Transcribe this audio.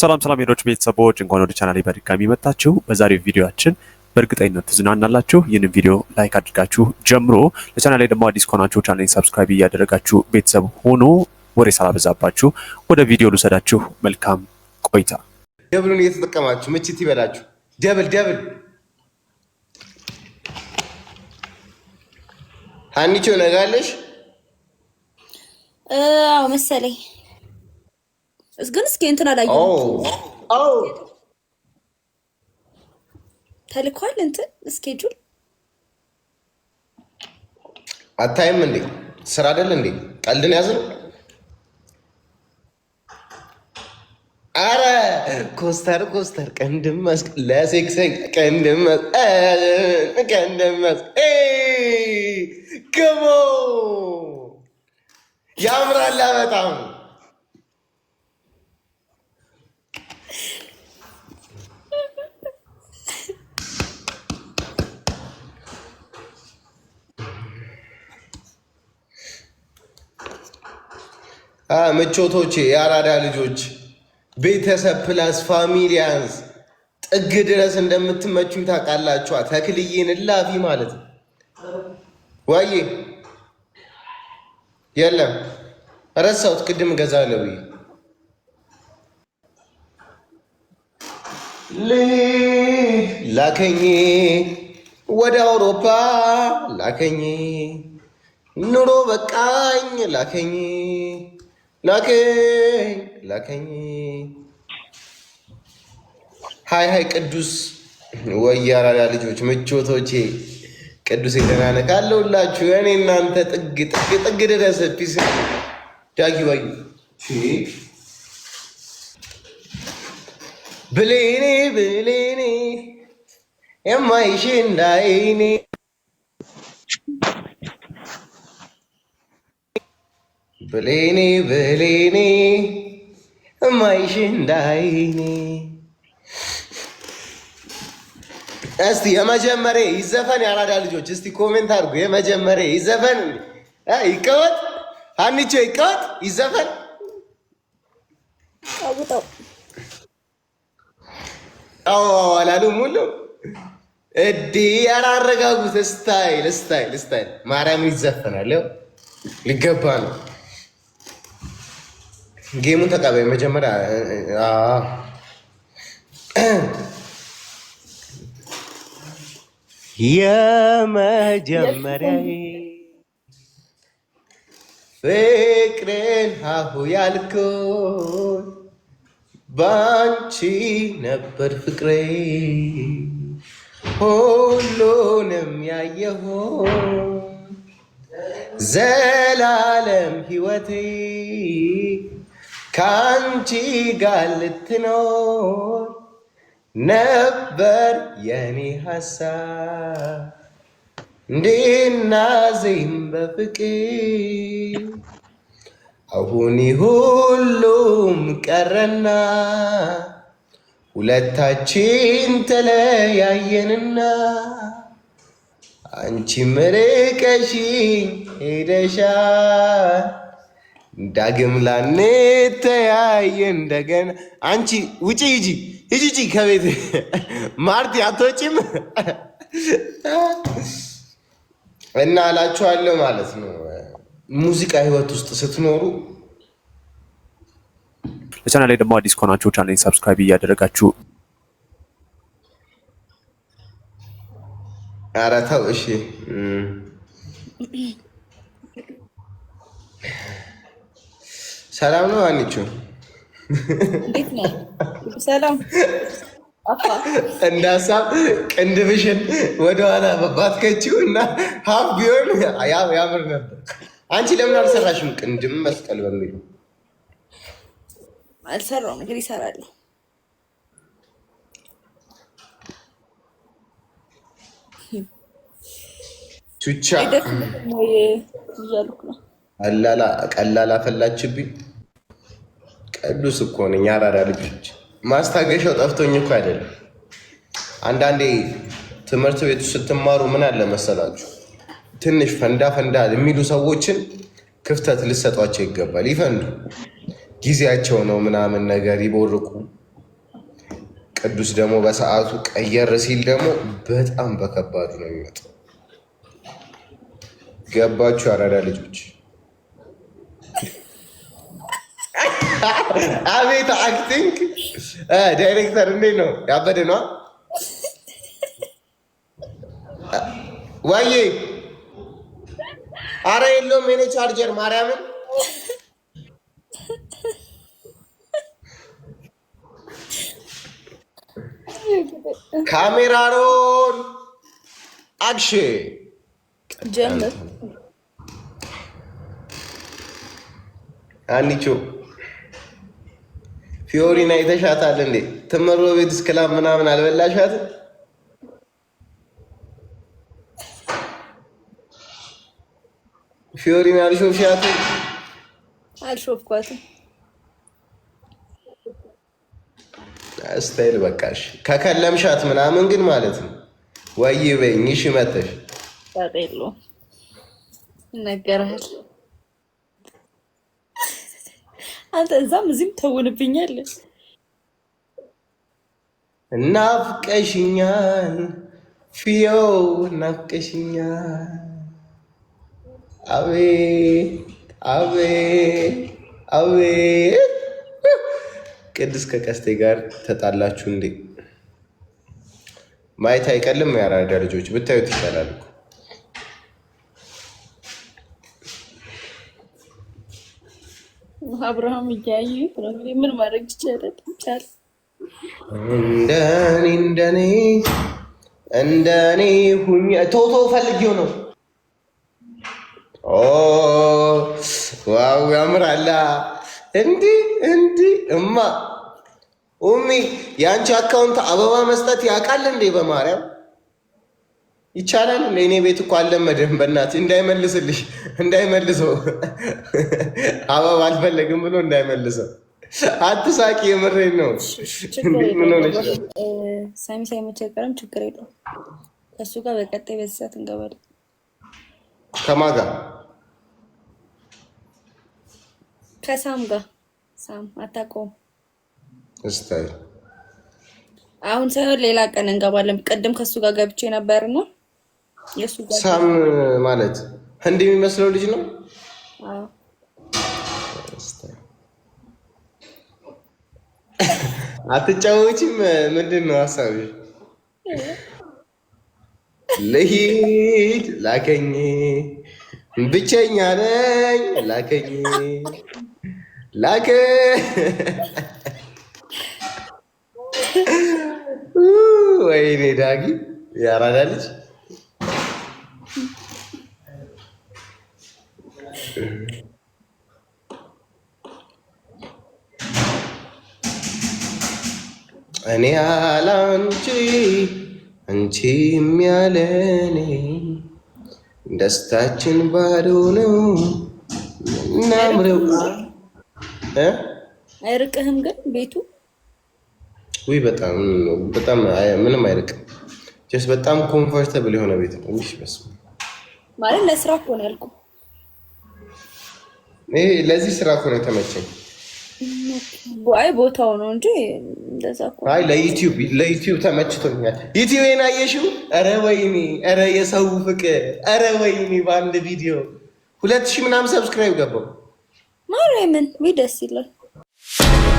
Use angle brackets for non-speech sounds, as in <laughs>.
ሰላም ሰላም ሄዶች ቤተሰቦች እንኳን ወደ ቻናሌ በድጋሚ መጣችሁ። በዛሬው ቪዲዮአችን በእርግጠኝነት ትዝናናላችሁ። ይህንን ቪዲዮ ላይክ አድርጋችሁ ጀምሮ ለቻናሌ ደግሞ አዲስ ከሆናችሁ ቻናሌን ሰብስክራይብ እያደረጋችሁ ቤተሰብ ሆኖ ወሬ ሳላበዛባችሁ ወደ ቪዲዮ ልውሰዳችሁ። መልካም ቆይታ። ደብሉን እየተጠቀማችሁ ምችት ይበላችሁ። ደብል ደብል ሀኒቾ ነጋለሽ መሰለኝ ግን እስኪ እንትን አላየሁም። ተልኳል እንትን እስኬጁል አታይም እንዴ? ስራ አይደል እንዴ? ቀልድን ያዝን። አረ ኮስተር ኮስተር ቀንድም መስክ ለሴክሰኝ ቀንድም ቀንድም መስክ ክሞ ያምራላ በጣም ምቾቶቼ የአራዳ ልጆች ቤተሰብ ፕላስ ፋሚሊያንስ ጥግ ድረስ እንደምትመቹኝ ታውቃላችኋ። ተክልዬን እላፊ ማለት ነው ዋዬ የለም ረሳሁት። ቅድም እገዛለሁ ብዬ ላከኝ ወደ አውሮፓ ላከኝ ኑሮ በቃኝ ላከኝ ላከኝ ላከኝ ሀይ ሀይ ቅዱስ ወያራዳ ልጆች ምቾቶቼ ቅዱስ የተናነቅ አለሁላችሁ። እኔ እናንተ ጥግ ጥግ ጥግ ድረስ ፒስ ዳጊ ባዩ ብሌኔ ብሌኔ የማይሽ እንዳይኔ ብሌኔ ብሌኔ እማይሽ እንዳይኔ እስቲ የመጀመሪያ ይዘፈን ያራዳ ልጆች እስቲ ኮሜንት አድርጉ። የመጀመሪያ ይዘፈን ይቀወጥ፣ አንቺ ይቀወጥ፣ ይዘፈን አዋዋላሉ ሙሉ እዲ ያራረጋጉት ስታይል ስታይል ስታይል ማርያም ይዘፈናል። ሊገባ ነው ጌሙን ተቀበይ መጀመሪያ የመጀመሪያ ፍቅሬን ሀሁ ያልኩት ባንቺ ነበር ፍቅሬ ሁሉንም ያየሁ ዘላለም ሕይወቴ ከአንቺ ጋር ልትኖር ነበር የኔ ሀሳብ ዜም በፍቅር አሁን ሁሉም ቀረና ሁለታችን ተለያየንና አንቺ ምርቀሽኝ ሄደሻል። ዳግም ላኔ ተያየ እንደገና። አንቺ ውጪ ሂጂ ሂጂ ሂጂ ከቤት ማርቲ አትወጪም እና አላችኋለሁ ማለት ነው። ሙዚቃ ህይወት ውስጥ ስትኖሩ በቻናል ላይ ደግሞ አዲስ ከሆናችሁ ቻናል ሰብስክራይብ እያደረጋችሁ አራታው እሺ ሰላም ነው። አንቺው እንዴት ነው? ሰላም እንደ ቅንድብሽን ወደኋላ ባትከችው እና ሀፍ ቢሆን ያምር ነበር። አንቺ ለምን አልሰራሽም? ቅንድም መስቀል በሚሉ አልሰራው እንግዲህ እሰራለሁ። ቹቻ እያልኩ ነው ቀላል አፈላችብኝ። ቅዱስ እኮ ነኝ። አራዳ ልጆች ማስታገሻው ጠፍቶኝ እኮ አይደለም። አንዳንዴ ትምህርት ቤቱ ስትማሩ ምን አለ መሰላችሁ፣ ትንሽ ፈንዳ ፈንዳ የሚሉ ሰዎችን ክፍተት ልሰጧቸው ይገባል። ይፈንዱ፣ ጊዜያቸው ነው ምናምን ነገር ይቦርቁ። ቅዱስ ደግሞ በሰዓቱ ቀየር ሲል ደግሞ በጣም በከባዱ ነው የሚመጣው። ገባችሁ? አራዳ ልጆች አቤት አክቲንግ ዳይሬክተር እንዴት ነው ያበደ ነዋ። ዋዬ አረ የለውም የኔ ቻርጀር ማርያምን ካሜራ ሮል አክሽን ጀምር አንቺው ፊዮሪን አይተሻታል እንዴ? ትምህርት ቤት እስክላም ምናምን አልበላሻት? ፊዮሪን አልሾፍሻት? አልሾፍኳትም። ስታይል በቃሽ። ከከለምሻት ምናምን ግን ማለት ነው ወይ በይኝ። እሺ መተሽ ነገርሃል አንተ እዛም እዚህም ተውንብኛል። ናፍቀሽኛል ፊዮው ናፍቀሽኛል። አቤት አቤት አቤት። ቅድስት ከቀስቴ ጋር ተጣላችሁ እንዴ? ማየት አይቀልም። ያራዳ ልጆች ብታዩት ይሻላል እኮ አብርሃም እያየሁት ምን ማድረግ ይቻላል? እንደኔ እንደኔ እንደኔ ሁኝ ቶቶ ፈልጌው ነው። ዋው ያምራላ። እንዲ እንዲ እማ ኡሚ የአንቺ አካውንት አበባ መስጠት ያውቃል እንዴ? በማርያም ይቻላል እኔ ቤት እኮ አልለመደም። በእናትህ እንዳይመልስልሽ እንዳይመልሰው አበባ አልፈለግም ብሎ እንዳይመልሰው። አትሳቂ፣ የምሬ ነው። ሳሚ? ሳይመቸገረም ችግር የለውም ከእሱ ጋር በቀጣይ በስሳት እንገባለን። ከማ ጋር? ከሳም ጋር። ሳም አታውቀውም። እስታይ አሁን ሳይሆን ሌላ ቀን እንገባለን። ቅድም ከእሱ ጋር ገብቼ ነበር ነው ሳም ማለት ህንድ የሚመስለው ልጅ ነው። <laughs> አትጫወቺም? ምንድን ነው ሀሳብ? ልሂድ ላከኝ፣ ብቸኛ ነኝ ላከኝ፣ ላከ <laughs> ወይኔ ዳጊ ያራዳ ልጅ እኔ ያለ አንቺ አንቺም ያለ እኔ ደስታችን ባዶ ነው። እናምረው አይርቅህም ግን ቤቱ ውይ በጣም በጣም ምንም አይርቅም። ጀስት በጣም ኮምፎርተብል የሆነ ቤት ነው። ውሽ በስ ማለት ለስራ እኮ ነው ያልኩህ። ለዚህ ስራ እኮ ነው የተመቸኝ። አይ ቦታው ነው እንጂ አይ ለዩቲዩብ ለዩቲዩብ ተመችቶኛል። ዩቲዩብን አየሽው? ኧረ ወይኔ! ኧረ የሰው ፍቅር! ኧረ ወይኔ! በአንድ ቪዲዮ ሁለት ሺህ ምናምን ሰብስክራይብ ገባው። ማርያምን ደስ ይላል።